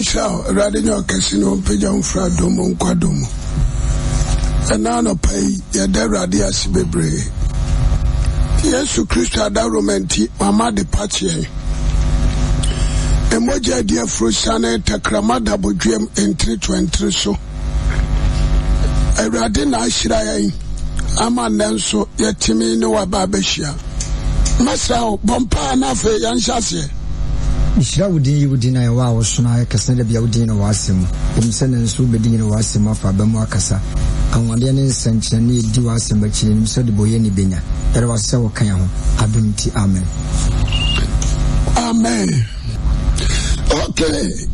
nhyira awurade nyɛ ɔkɛse ne ɔmpagya mfra dom nkwadom mu ɛna anɔpa yi yɛda awurade ase bebree yesu kristo adaroma nti mama de pa mmogya adi afuro sane takrama dabodwam ntiretwɛntire so awurade na yɛn ama nnɛ nso yɛtumi ne waba abɛhyia mɛsrɛ wo na afei yɛnhyɛ aseɛ nhyira wodin yi wodin na yɛwɔ a woso no ayɛkasa da bia wodin no wɔasɛ mu ɛmu sɛ nanso wobɛdin no wɔasɛ mu afa aba mu akasa ahoɔdeɛ ne ne nsɛnkyerɛne ɛdi wɔasɛm akyiri nim sɛ de bɔyɛ ne bɛnya yɛde wɔse sɛ wɔka yɛ ho adom ti amen amen ok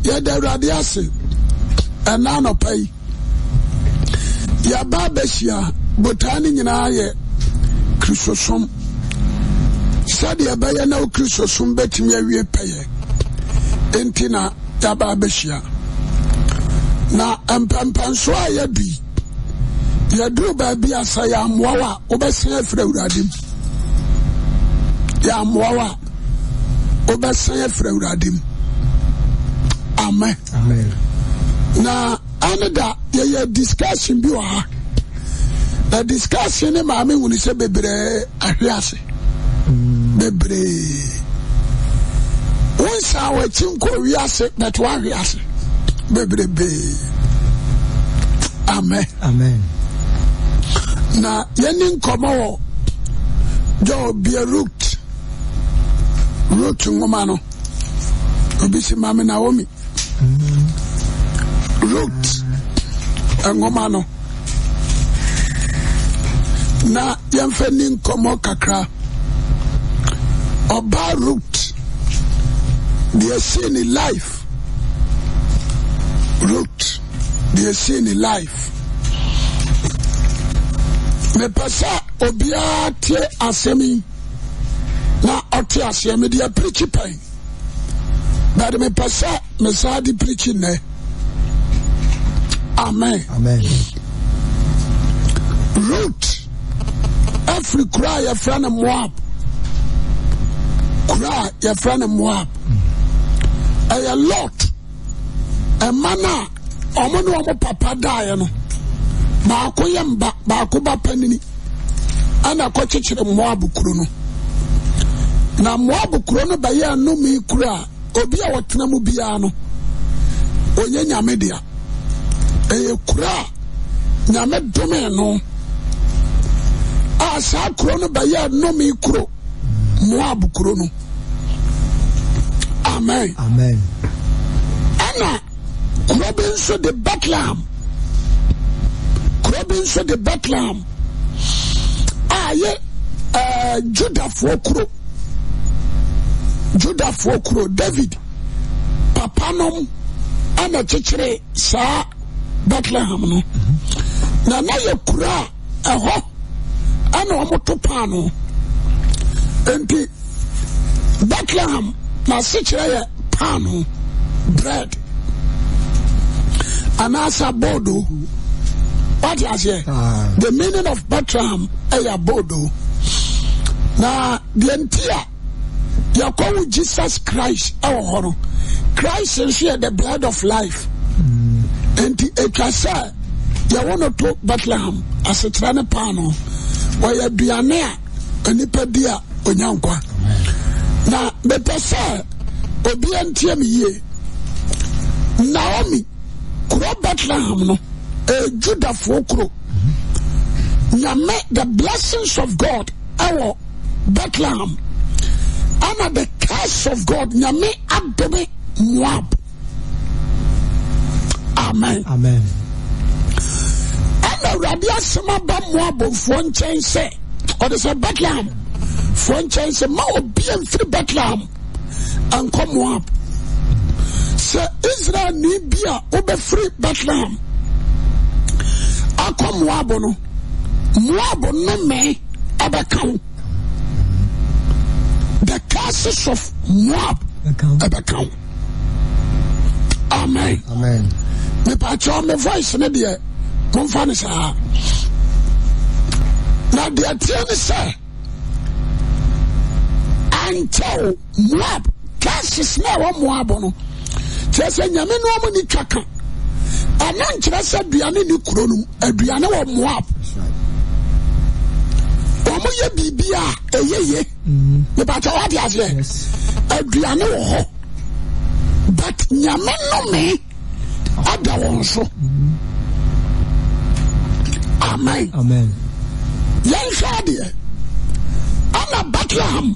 yɛda awurade ase ɛna anɔpa yi yɛaba bɛhyia botaa no nyinaa yɛ kristosom sɛdeɛ ɛbɛyɛ na wo kristosom bɛtumi awie pɛyɛ nti na yɛaba abɛhyia na mpɛmpɛnso a yɛbi yɛduru baabi asa sɛ yɛamoa wo a wobɛsan afiri awurade mu yɛamoa wo a wobɛsan afiri awurade mu amen na ɛne da yɛyɛ discussion bi wɔ ha na discussion ne maame hunu sɛ bebree ahwe ase mm. bebree ansa wɔakyi nkɔ wiase but woahwe ase bebrebee amen na yɛni nkɔmmɔ wɔ gya obia root root nwoma no obi si mame naomi root nwoma no na yɛmfa ni nkɔmmɔ kakra ɔbaa root are seen in life. Root are sin in life. mepɛ sɛ obiara asemi. na ɔte aseɛ de aprikyi pɛn but me pasa mesaa de pirikyi ne. amen root afiri cry a yɛfrɛ no moab kura a yɛfrɛ no moab ɛyɛ lot ɛma no a ɔmo ne ɔmo papa daeɛ no baako yɛ mba baako ba panini ɛna ɛkɔkyekyere mmoab kuro no na mmoab kuro no bɛyɛ anome ikuru a obi a wɔtena mu biara no onye nyame dea ɛyɛ kuro a nyame domee no a saa kuro no bɛyɛ anome kuro mmoab kuro no amen Amen kuro bi nso de Bethlehem. kuro bi de Ah a eh, Judah david papa nom ɛna kyekyere sa Bethlehem no na na yɛ kuro a na ase kyerɛ yɛ bread anaasɛ bodo wati aseɛ ah. the meaning of Bethlehem ɛyɛ bodo na deɛ nti a yɛkɔwo jesus christ ɛwɔ hɔ no christ nso yɛ the bread of life enti atwa sɛ yɛwo no to bethlehem asekyerɛ ne paano wɔyɛ aduane a onipa di a onya nkwa na mepɛ sɛ obia ntiɛ me yie naomi kuro bethlehem no ɛyɛ judafoɔ kuro nyame the blessings of god ɛwɔ bethlehem ana the curse of god nyame adome moab amen amen ɛna awurade asɛm aba moabfoɔ nkyɛn sɛ ɔde sɛ bethlehem foɔ nkyɛn sɛ ma obia mfiri betlehem ɛnkɔ moab sɛ israel ne bi a wobɛfiri betlehem akɔ moab no moab nomee ɛbɛka wo the curses of moab ɛbɛka wo amen mepakyɛw me voice no deɛ momfa no saa na deɛ teɛ ne sɛ ɛnkyɛw moab gases na ɛwɔ moab no kyerɛ sɛ nyame no ɔmo ne twa ka ɛno nkyerɛ sɛ aduane ne kuro no aduane wɔ moab ɔmo yɛ biribi a ɛyɛ ye nipakyɛ wade aseɛ aduane wɔ hɔ but nyame nome ada wɔn so amen yɛnhwɛ adeɛ ana bethlehem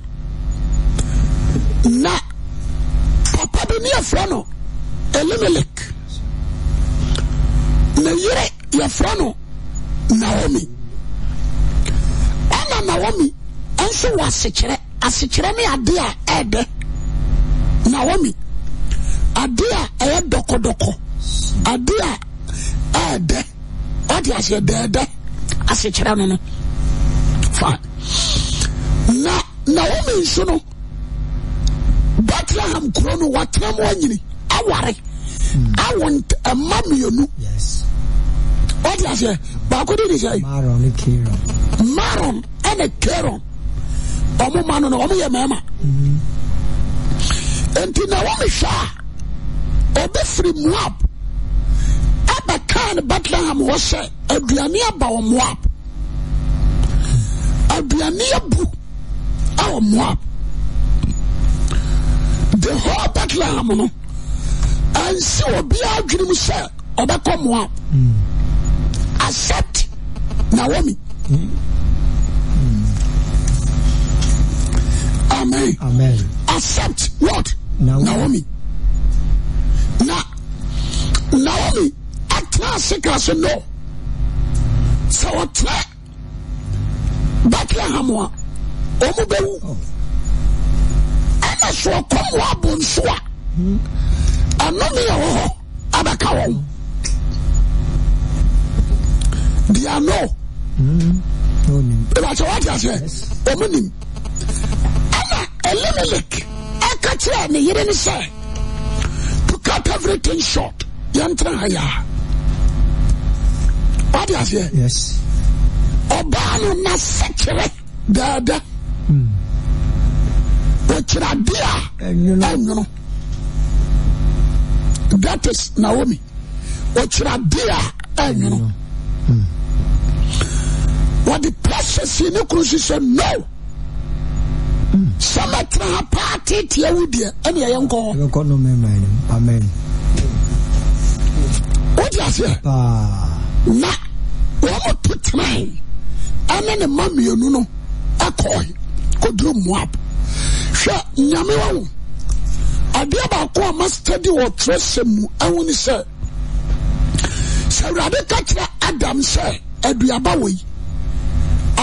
na papa bi ne yɛfrɛ no elimelek na yere yɛfrɛ no naomi ɛna naomi nso wɔ asekyerɛ asekyerɛ ne ade a ɛɛdɛ naomi ade a ɛyɛ dɔkɔdɔkɔ ade a ɛɛdɛ ɔde aseɛ dɛɛdɛ asekyerɛ no no fine na naomi nso no Bethlehem kuro no wɔtena mu anyini aware hmm. awo ɛma mmienu ɔdi aseɛ baako de di sɛ Maron ɛna Keron ɔmo ma no no ɔmo yɛ mɛɛma hmm. nti na wɔn hwɛ a obi firi Moab ɛbɛ kaa ne Bethlehem hɔ sɛ aduane aba wɔ Moab hmm. aduane abu ɛwɔ Moab. et si no ɛnsi obiara adwene on va ɔbɛkɔ accept naomi amen. amen accept what naomi, naomi. na naomi atena ase ka Non. no sɛ ɔtena a ɛsoɔ kɔm wɔ abo nso a ɛno ne yɛwɔ hɔ abɛka wɔn deano ɛbɛkyɛ wate aseɛ ɔmo nim ɛna elimelek aka kyerɛ ne yere ne sɛ to cut everything short yɛntena ha yɛa wate aseɛ ɔbaa no na sɛkyerɛ daada hmm. aetis nokyerɛia awoo ɔde preses ne kro si so no hmm. sɛmateraa paa teteɛ wodeɛ ɛneɛyɛnɔhɔwode aseɛ na ɔmɔto tae ɛne ne ma min no ɛkɔɔduromap hwɛ nyame wa wo adeɛ baako a mastadi wɔ twerɛsɛm mu ɛho ne sɛ sɛ awurade ka kyerɛ adam sɛ aduaba wei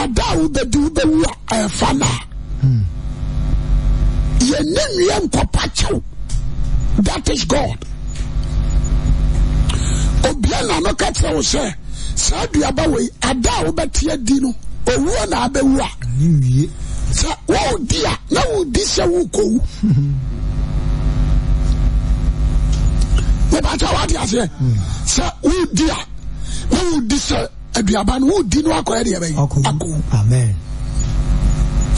ada a wobɛdi wobɛwu a ɛɛfa naa yɛne nnua nkɔpa kyɛw that is god obia na no ka kyerɛ wo sɛ saa aduaba wei ada a wobɛte adi no owuo na abɛwu a sɛ wɔredi a na wɔredi sɛ wɔrekɔwu mepatɛ wade aseɛ sɛ woredi a na wɔredi sɛ aduaba no woredi no akɔɛ deɛ bɛyi akɔwu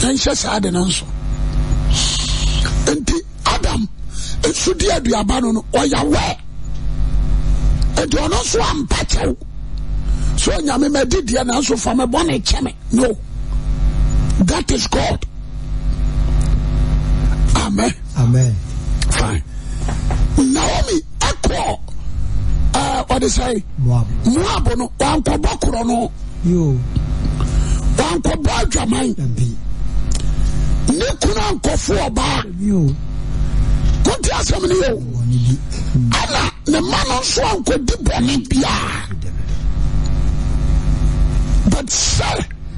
yɛnhyɛ saa de no nso nti adam nso di aduaba no no ɔyawɛ nti ɔno nso ampa kyɛw so onyame madi deɛ nanso fa me bɔne kyɛ me no That is God. Amen. Amen. Fine. Naomi ẹkọ ẹ ọdẹ sẹyìn. Moab. Moab no wankọbọ kúrọ no. Yoo. Wankọbọ adwaman. Ẹbi. Ne kunu ankọfo ọbaa. Yoo. Kò tí a sẹ́mu ni yóò. Ẹna ne mma no nso ankọ di bọ̀ But sir.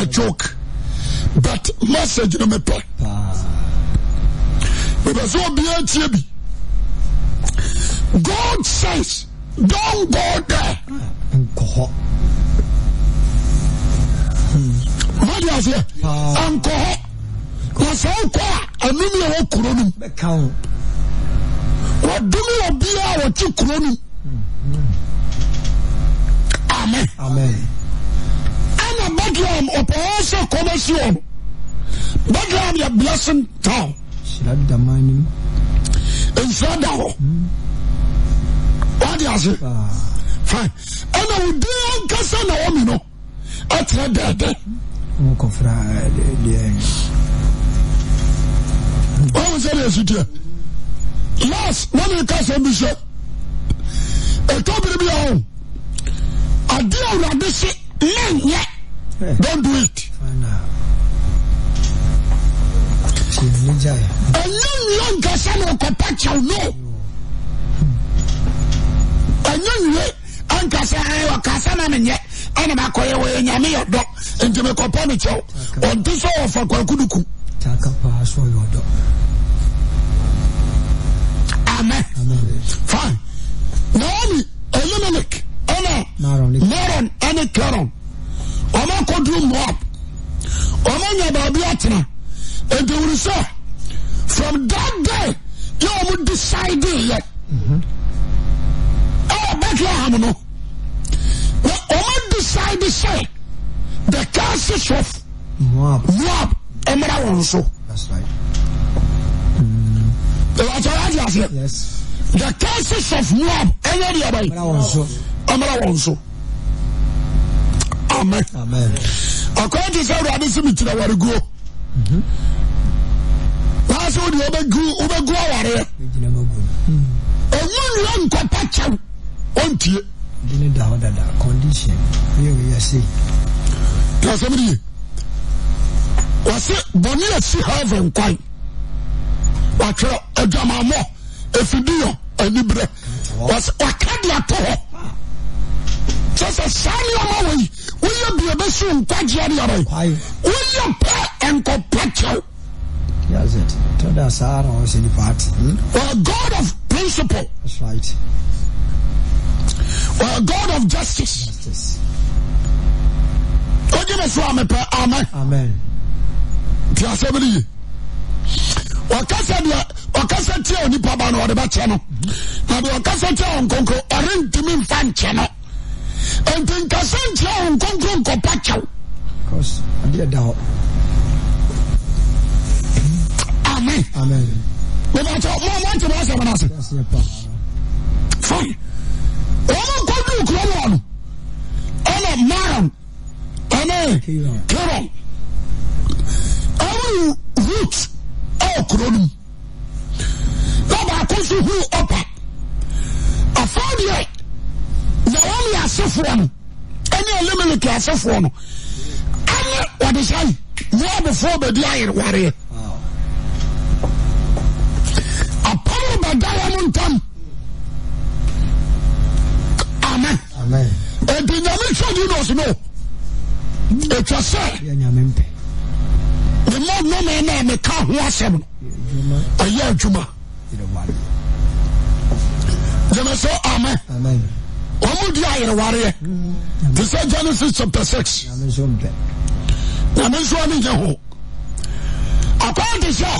a joke but message no mepɛ mepɛ sɛ obiaa tie bi god says don't go there made aseɛ ankɔ hɔ na sɛ wokɔ a anomi a wɔ kuro nom wɔdome wɔ biaa wɔte kuro nom hmm. hmm. amen, amen. seoms bedraamya gblasen ta ns dao wadiase fi enewudankese nawomeno etre dedess last mane kase bise etobri biao adiwone dese neye done anynye nkasan kopacau no anyene akasaokasananenye enemakoyewoye yamiyodo injemekopanecau ontusowofakakudukuame naomi ayenenek ene moron enekeoron ɔma akɔduru moab ɔma nya baabi atena enti will sɛ from that day yɛ ɔmo decide yɛ ɛwɔ bethlehem no na ɔmo decide sɛ the curses of moab moab ɛmɛra wɔn so ɛwɔtɔrɔ adi aseɛ the cases of moab ɛnyɛ deɛ bɛyi ɛmɛra wɔn so. okoti se wredeseme tire wareg wasod wobegu war onunua nkopate ntied wse bone asi hev ko watro jamam fidiy nbrkadatssae woyɛ bi obɛsi nkwagyeɛ ne yɛrɛ woyɛ pɛ nkɔpɛ kyɛw That's it. Tell the Sahara or any part. Hmm? Well, God of principle. That's right. Well, God of justice. Justice. Oye me so amepe. Amen. Amen. Ti asebe ni. Wakasa dia, wakasa tia onipa ba na ɔde bɛkyɛ no. Na de wakasa tia ɔnkonkro, ɔrentumi mfa nkyɛ no nti nkasa nkyerɛ wo nkonkro nkɔpa kyɛw amen mebakyɛ mɔmɔnte ma asɛ mana ase fine ɔma nkɔdu kuro no ɔno ɛna maram ɛne keron ɛwore root ɛwɔ kuro no mu na baako so huu ɔpa afa deɛ laomia ase fua no ane alemele ke ase fono ane wadesa no before bedi ayerwareye apar badala mo ntam amen eti yame todinos no eta se memonomene meka hoa sebno aye juma yameso amen ɔmdi ayereware t sɛ genesis cha 6 mnsn yh aat sɛ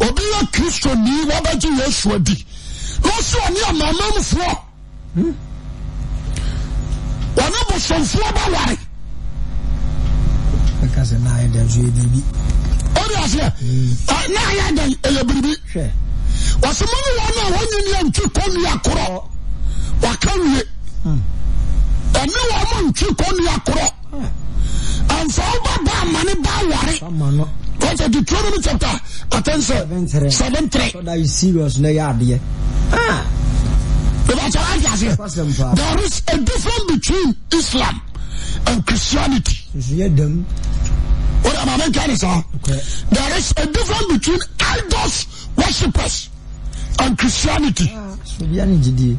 obi kison wabɛe yo sua di n suaneamamamfu wne bosomfuɔ bawareod yɛbiri sma nw nyeneantwi kiaorɔae ɛnewama ntwi koneakoro ansa wobaba mane ba ware detono no chapte atns svntreis a differene between islam and christianitya fferene between ls wershipers and christianity ah,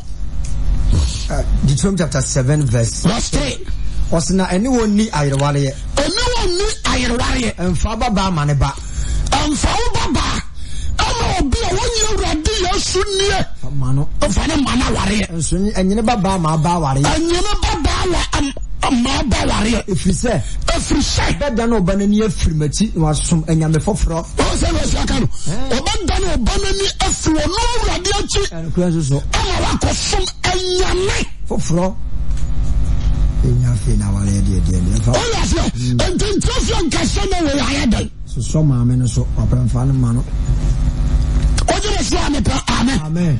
Deuteronomy chapter seven verse. verse three. ɔsena ɛne wɔn ni ayerewaleɛ. ɛne wɔn ni ayerewaleɛ. ɛnfa babaa ma ne ba. ɛnfa wo babaa ama obi a wɔnyina wurade yɛ su nie. ɛnfa ne ma no awareɛ. ɛnyine babaa ma aba awareɛ. ɛnyine babaa. wɔ maa ba ware. Eh, efiri sɛ. efiri sɛ. bɛ dan o ba nani efiri mɛti wa foforɔ. o bɛ dan o ba nani efiri eh, n'o wuladi akyi. ɛnukura soso. ɛna wa kɔ sum ɛnyame. foforɔ. enya fi na wale o so ma no. o amen.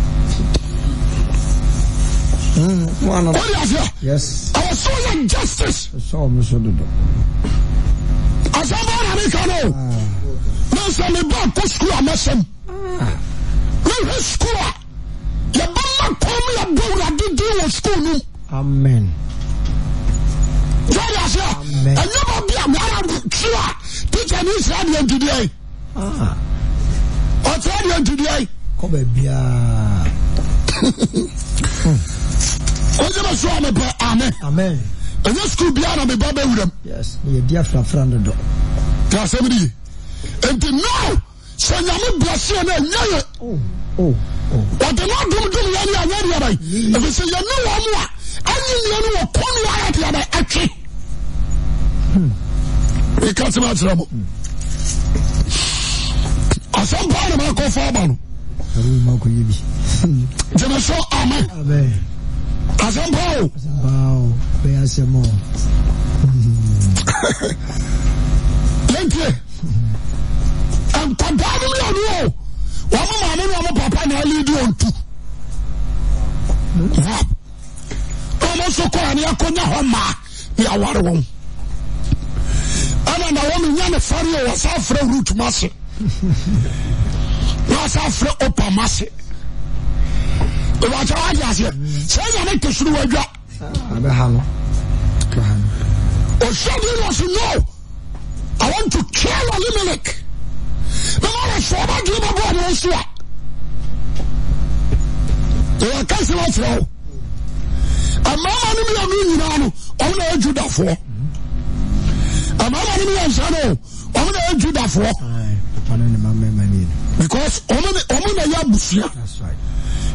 Mm, u jemes ame am y school bb mdye n no s yam base yye tn dom dmb yena ayeno ba at a asam ek ba ms am asmpao nk anko ba momo anuo wamo mamone amo papa na alediontu amonso kowaane yakonya ho ma me aware wo anana womeya ne fareyo wasa fre rot mase a asa fre opamase ìwàkyɛ wa di aseɛ sɛ ɛna ne kesuru wa dwa. abɛha no kaha no. osadi was no i want to kill Elimelech mɛma na sɔ ɔba di ma bɔ ɔmo nso a ɛwɔ kɛse wa fɛ o mmarima no mmienu nyinaa no ɔmo na yɛ judafoɔ mmarima no mmiɛnsa no ɔmo na yɛ judafoɔ because ɔmo na yɛ abusua.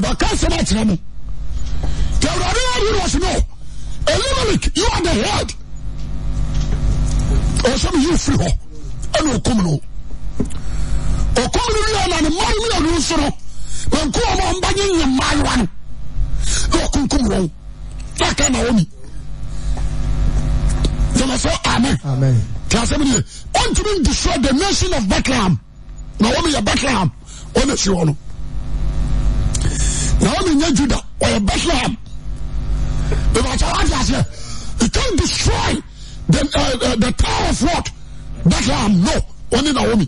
kasetrm tse elma ur the hed ernyea ni s amen ntmdestroy the nation of betleem betlem s na wọn mi nye juda ɔyɛ bethlehem bɛbɛ akyɛ wọn adi aseɛ you can destroy the uh, uh, the tower of what bethlehem no wọn naomi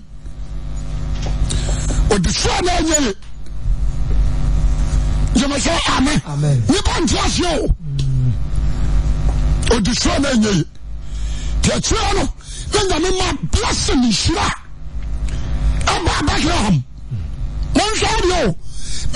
o destroy na enye ye jẹmẹsẹ amen nipa n ti aseɛ o o destroy na enye ye tiɛ tiɛ no ne nyame ma blessing nhyira ɛba bethlehem wọn hwɛ ɛdi o.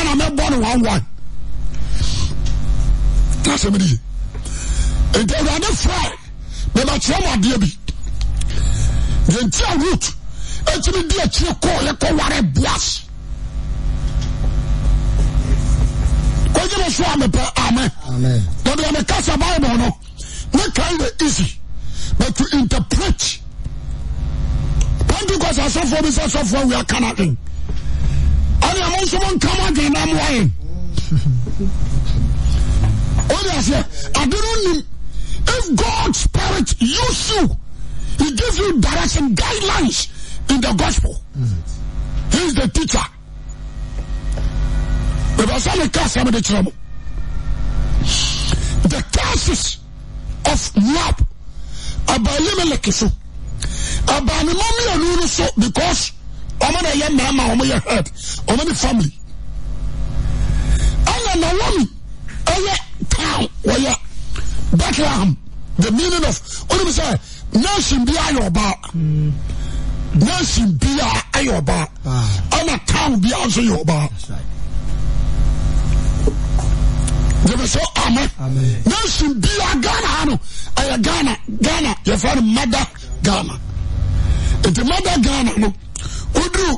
ntade fry eba tsee m ad bi yntia root eteme diakie ko ekoware buas koee sam me eemekase bible no me ka e easy but to interpret pentecos asofo bisesof wea kana ɛne ɛmo nso mo nka mo adwene na mmoa yɛn wode aseɛ ade no nim if god spirit use you he gives you direction guidelines in the gospel he is the teacher bɛbɛ sɛ meka asɛm de kyerɛ mo the curses of moab aba elimelek so aba ne no so because ɔmo na ɛyɛ mmarima ɔmo yɛ head ɔmo ne family ɛna naomi ɛyɛ town wɔyɛ bethlehem the meaning of ɔno mi sɛ nation bi ayɛ ɔbaa nation bi ah. a ayɛ ɔbaa ɛna town bi a nso yɛ ɔbaa. Dèbè sọ amẹ. Nation bia Ghana ha no ɛyɛ Ghana Ghana yɛfrɛ no mada Ghana. Nti mother Ghana no. wodr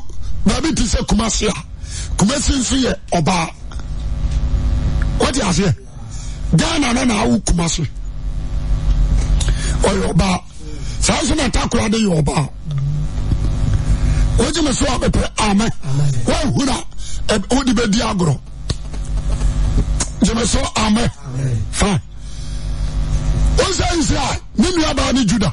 baabi te sɛ kma se a a si nso yɛ ɔbaa woteaseɛ ganananaawo kuma se ɛ ɔbaa saa so natakoradeyɛ ɔbaa wo gemeso ap am oua wodebɛdi agorɔ gemeso am osɛns a ne nuabaa ne juda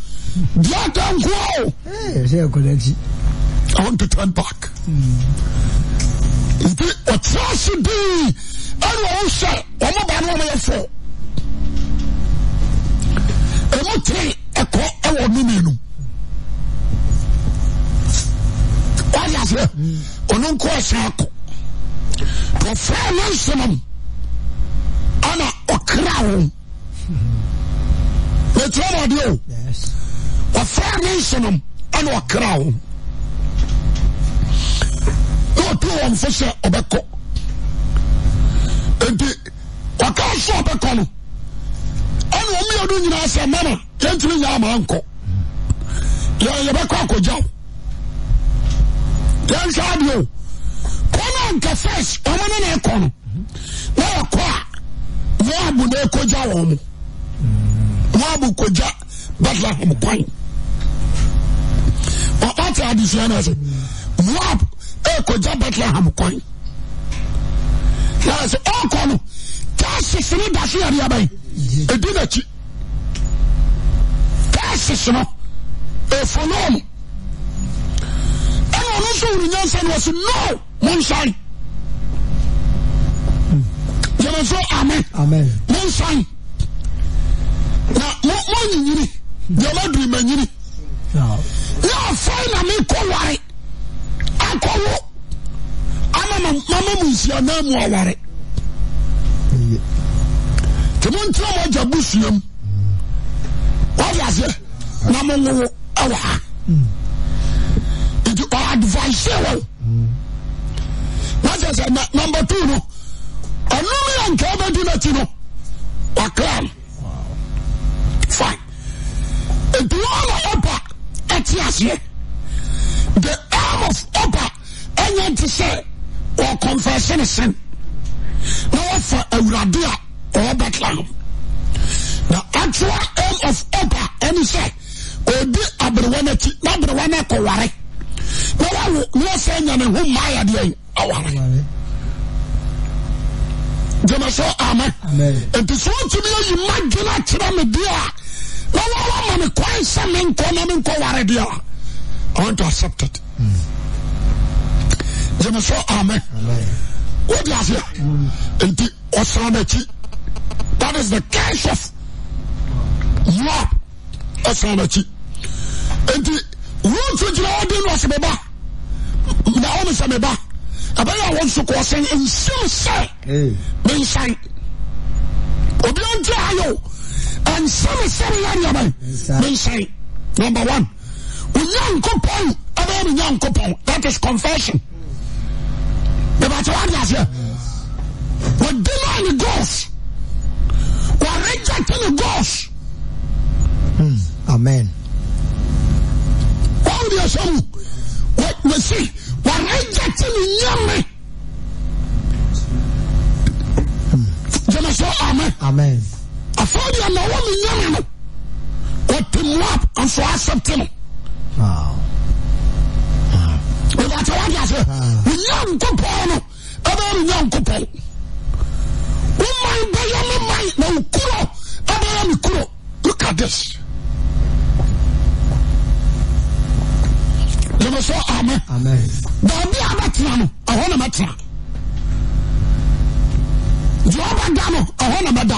diakank eh, hmm. ti ɔtɛse bi anuɔwohyɛ ɔmoba neomayɛfo ɛmute ɛkɔ ɛwɔ nome nu deas ɔnonkɔ saako pɔfɛ no nso no ana ɔkra wo metamdeo ɛra ɔfɛ ɔɛni ɔka so ɔbɛkɔ no ɛneɔmiɛn nyinaa sɛ mana yɛnteo nyamankɔ yɛbɛkɔ akogyao yɛnhwɛdo ɔna fes ɔmne ne ɛkɔ no na ɛkɔ a o abu nɛkgya wɔ mu ab kgya bale hm kwan a tradisionnse wo ekoya bethlehem ko nse okon keseseno daseyariabai edinaki kesese no efolon enno sowunuyasenase no monso yameso amen monso na moyiyiri yma dui mayiri fai na mi koware akoo ana mamamu nsia namu awere temontmo ja busia obias namoo awa nt o advise we nasese numbe two no anumyankebedinatino waklam ate aseɛ the arm of oba ɛnyɛ nte sɛ wɔkɔmfɛse ne sen na wɔfa awurade a ɔwɔ batla no na actual aim of oba ɛne sɛ odi aberewa no akyi na aberewa no akɔware na wawo na wɔsɛ nya ne ho mmaa yadeɛ aware gyama sɛ ama nti sɛ wotumi ayi ma dwene akyerɛ me a nawowa mamikosainmmk waredia ian o acet so odisa int samai tatis the aso si int retgilawo dinsmeba womisemeba abayawo soko se nsim se inson obiontay ɛnsɛm sɛm yɛdeɛ bɛn mensɛe number one onyankopɔn ɛbɛyɛ me nyankopɔn that is confession mebɛkyɛ wade deny the ne gos reject the gos hmm. amen wawdeɛ sɛ mu wɔsi wɔrejecte ne nyame hmm. gyeme so amen amen afadi mawomeyaano otewap ansoaseptno twe ynkon byynko omai beye mimai naukuro abeye mikro kades meso ama babibatenano ahnmatena jabedan ahonemada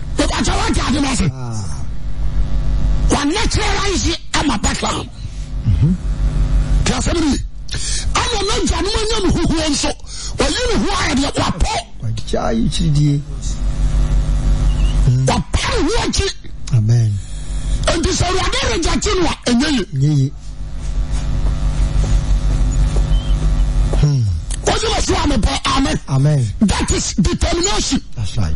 n kers ama a amn anmay nn h nt rejatna tatis etermiaton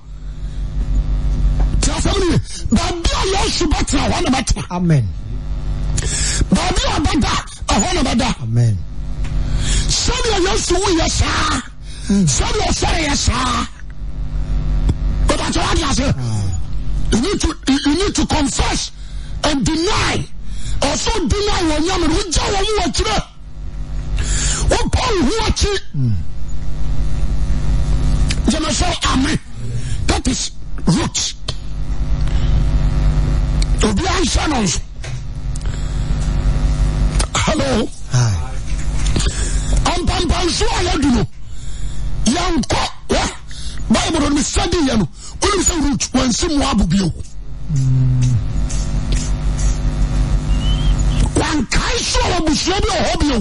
asɛm no baabi a yɛsu bɛtena hɔ na bɛtena amen baabi a bɛda ɛhɔ na bɛda amen sɛdeɛ yɛsu woyɛ saa hmm. sɛdeɛ ɔsɛreyɛ saa ase ah. you need to you need to confess and deny also deny wɔn nyamere wogya wɔn mu wɔkyerɛ wopɔ wo ho akyi hmm. gyeme ame that is root ampasdn y bibld o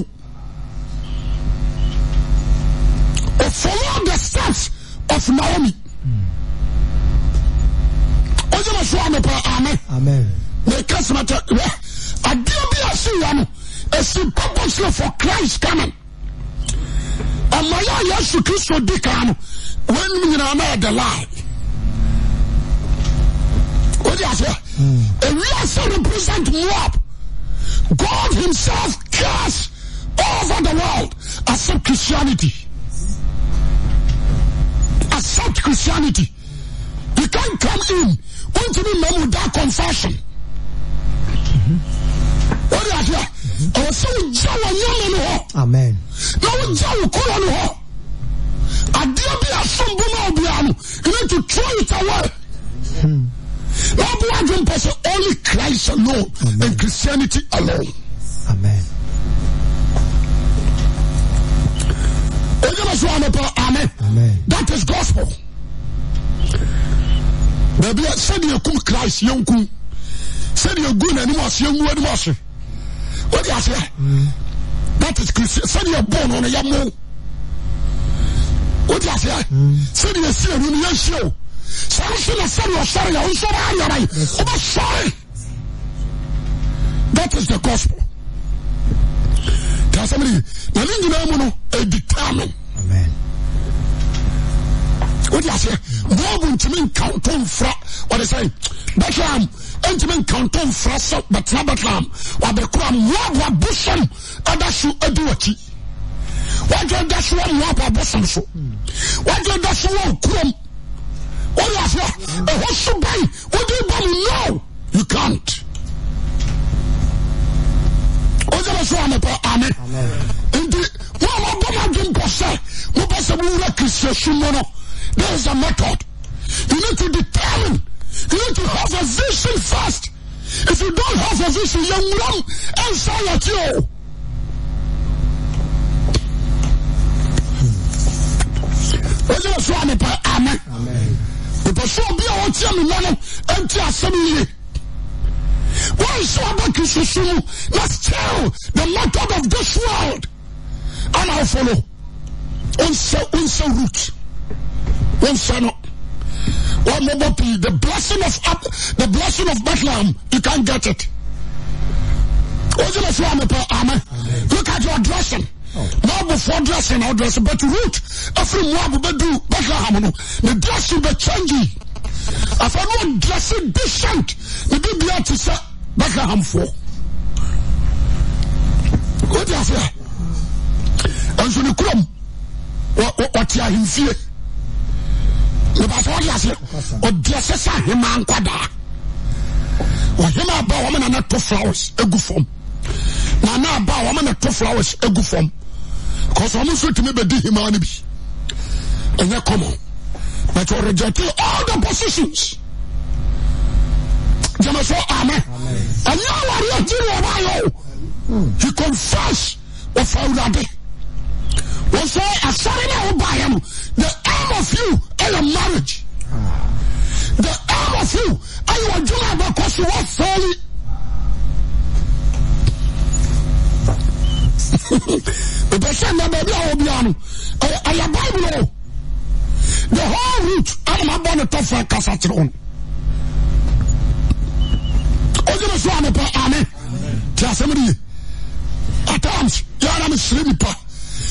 wolthe statofnaomi amen meka sɛma kyɛ adeɛ bi aseyɛ no ɛsi purposely for christ coming ɔma yɛ a yesu kristo di kaa no wɔanim nyinaa na ɛde lie wode aseɛ hmm. ewiase represent what? god himself cares over the world Accept christianity accept christianity you can't come in wontumi mma mu da confession wode adeɛ ɛwɔ sɛ wogya wɔ nyama no hɔ na wogya wo korɔ no hɔ adeɛ bi asom bo ma obiaa no you need to throw it away na woboa adwom pɛ sɛ only christ alone and christianity alone Amen. That is gospel. bɛi sɛdeakm christ yɛnm sɛdegu n anias yɛmu anim ase woeɛai mm. cis sɛdebo no mm. no yɛmo woieɛ sɛdesianu n yɛsyinɛde ɔ a wɛre tat is the gospel taa sɛmde na ne nyinaa mu no adetarmine wọ́n di ase bọ́ọ̀bù ntumi nkàntó nfra wọ́n sẹ́ bẹ́tẹ̀rẹ̀m ntumi nkàntó nfra sọ bẹ̀tẹ̀rẹ̀ bẹ̀tẹ̀rẹ̀m wà bẹ̀ kúrò mọ́ọ̀bù abúsọ̀m ẹ̀dásù ẹ̀dí wọ̀kí wọ́n jẹ́ ẹ̀dásù wọ́n mọ́ọ̀bù abúsọ̀m so wọ́n jẹ́ ẹ̀dásù wọ́n kúrò wọ́n di ase ẹ̀họ́ subayi wọ́n di bọ́ mu no you can't. wọ́n jẹ́ bẹ́ẹ̀ sọ àmì pọ̀ àmì nti wọ́n àwọn bọ́ọ̀mù adùn pọ̀ sẹ́ mo bá sẹ́ mo wúra kìsìyẹ́sùn mọ́ náà. There is a method. You need to determine. You need to have a vision first. If you don't have a vision, you're wrong inside at you. Wọ́n yẹ fún àmì pa amẹ́. Ìpèsè òbí a mi lọ́nà ẹ̀ ń tí a sẹ́mi yìí. Wọ́n sọ abẹ́kì soso mu na still the method of this world. And I follow. Onse onse root. One son. One mobile P. The blessing of up, the blessing of Bethlehem, you can't get it. amen. Look at your dressing. Now before dressing, I'll dress but root. Every mob will do Bethlehem. The dressing be changing. If I do dressing dress decent, the BBA to say Bethlehem for. What do you have here? And so the crumb. What, what, what, mebasa wode aseɛ ɔde ɛsɛ sɛ ahema nkwadaa ɔhema aba wɔm na ne to flowers egu fam na na aba wɔm na to flowers egu fam because wɔn nso tumi bɛdi hema no bi ɛnyɛ common but ɔrejecting all the positions jẹmẹsọ amen ɛnyɛ awari agyiri ɔba yɛ o he confess ɔfa awurade. es asorene obaan the arm of you aa marriage the am of you ayowaju bacaswa soli eesen babbin aya bibleo the whole root anmabone tofa kasacron ojnsoana n tsmre attim ydamsereia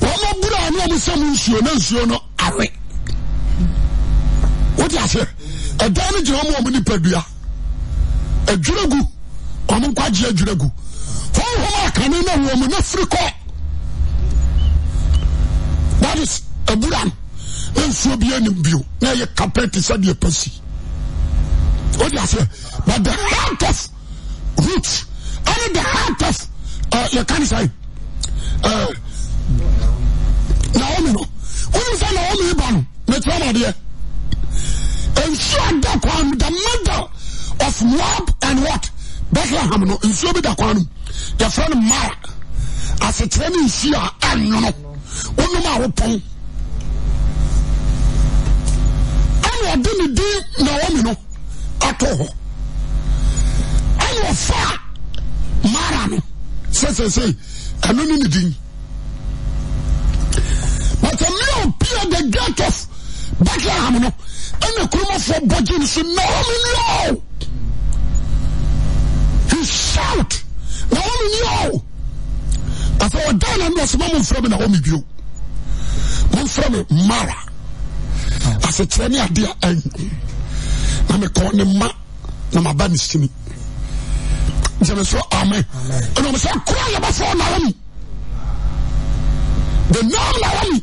wɔn buru ano ɔmo sɛ nsuo na nsuo no awe wote aseɛ ɛdan no gyina ɔmo ɔmo nipa dua adwira gu ɔmo nkwagye adwira gu honhom akane na wɔ mo na that is abura no na nsuo bi anim bio na ɛyɛ kapɛti sɛdeɛ pɛ si wote aseɛ but the heart of root ɛne the heart of uh, yɛka ne uh, wọ́n fẹ́ na wọ́n mi ba no mẹtiri amadeɛ nsuo da kwan mu the mother of Moab and what Bethlehem no nsuo bi da kwan mu yɛfrɛ no mara asetere ne nsuo a ɛnwono wonom a wopɔn ɛna ɔde ne din na wɔn mi no ato hɔ ɛna ɔfa mara no sɛsɛsɛ ɛno ne ne din. but ɛmi a opi at the gate of Bethlehem no ɛna kurumafo bɔgye nso Naomi no he shout Naomi no afɛ ɔdan na ndo ɔsoma mo nfura mi Naomi bio mo nfura mi Mara asekyerɛ ne adeɛ ɛn na mi kɔn ne ma na ma ba ne sini. jẹmi sọ amen ẹnna ọmọ sọ kúrò yẹ bá fọ Naomi the name Naomi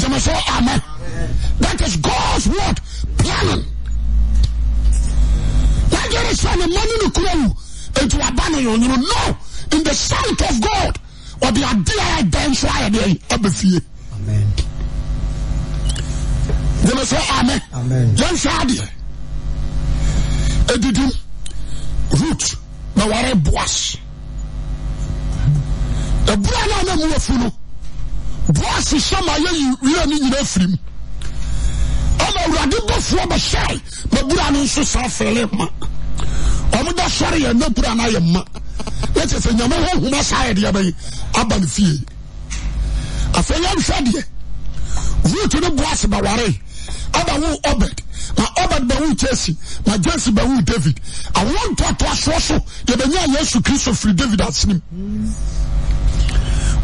Jamaso Amen. That is God's word planning. That there is the money to grow into abandon you know in the sight of God or the idea dance every Amen. Jamaso Amen. Amen. Jamaso Edidim root na ware boas. Ebura na na mu afu boase hyɛ ma yɛ wura no nyina firim ama awurade bɔfoɔ bɛhyɛe mabura no nso saa fɛle ma ɔmoda sɔre yɛ na bura no ayɛ ma na kyɛ sɛ nyame hɔ homa saa yɛdeɛ bɛyi aba no fie afei yɛnhwɛ deɛ rut no boase bɛware aba wo obed na obed bɛwo jesi na jesi bɛwo david awo ntoatoasoɔ so yɛbɛnyaa yesu kristo firi david asenem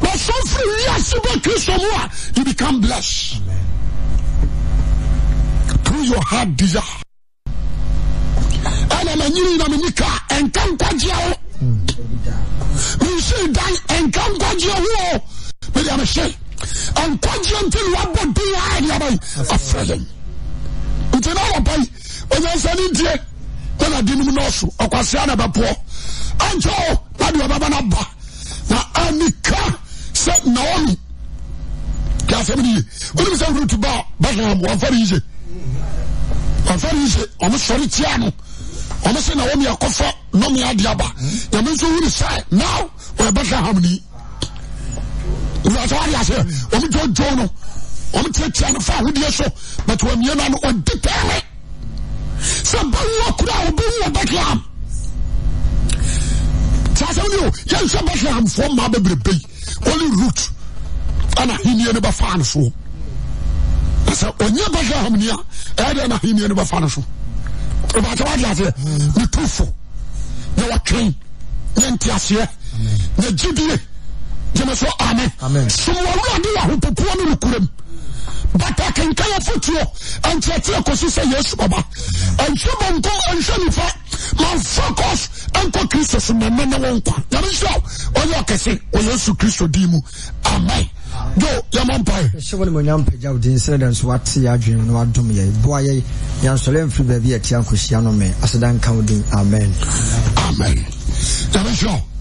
But some free yes, but you become blessed. Amen. Through your heart desire. And I'm a new Dominica and come to you. say that and come to you. But I'm a say. And come until what would be afraid. Nti na wɔ bai, onyansani ntie, na I was nimu n'ɔso, ɔkwasi anabɛpoɔ, ankyɛ o, na de ɔbɛba na ba, na ani se holy root ana heniene bafane so besɛ oye baza hamna ɛde ana henine bafane so obate wadeatɛ ne tofo yawate yenteasɩɛ nadjibie gemeso ame somwwrdewaho popʋa no lram bàtà kẹ̀kẹ́ yẹ fọ́tuọ̀ ẹ̀nkyẹ̀tẹ̀ kò sí sẹ́ yẹ́sù ọba ẹ̀nkyẹ̀ bọ̀ nkọ́ ẹ̀nhyẹ́ nípa máa fọ́kọ́s ẹ̀nkọ́ kristu sùn mẹ́mẹ́ náà wọ́n nkwa yàrá nsọ́ ọ̀yẹ́ ọ̀kẹ́sẹ̀ ọ̀yẹ́ yẹ́sù kristu dì mú amen. jo yẹ mọ mpa yi. E. ṣé wọn ni mo yàn pẹja òdi nsẹlẹ dẹ nso wa ti adwene na wa dum yẹ bu ayẹ yàn sọlẹ nfiri bẹẹbi yẹ ti ankosia no mẹ aseda nkan odin amen. amen. yàrá nsọ́.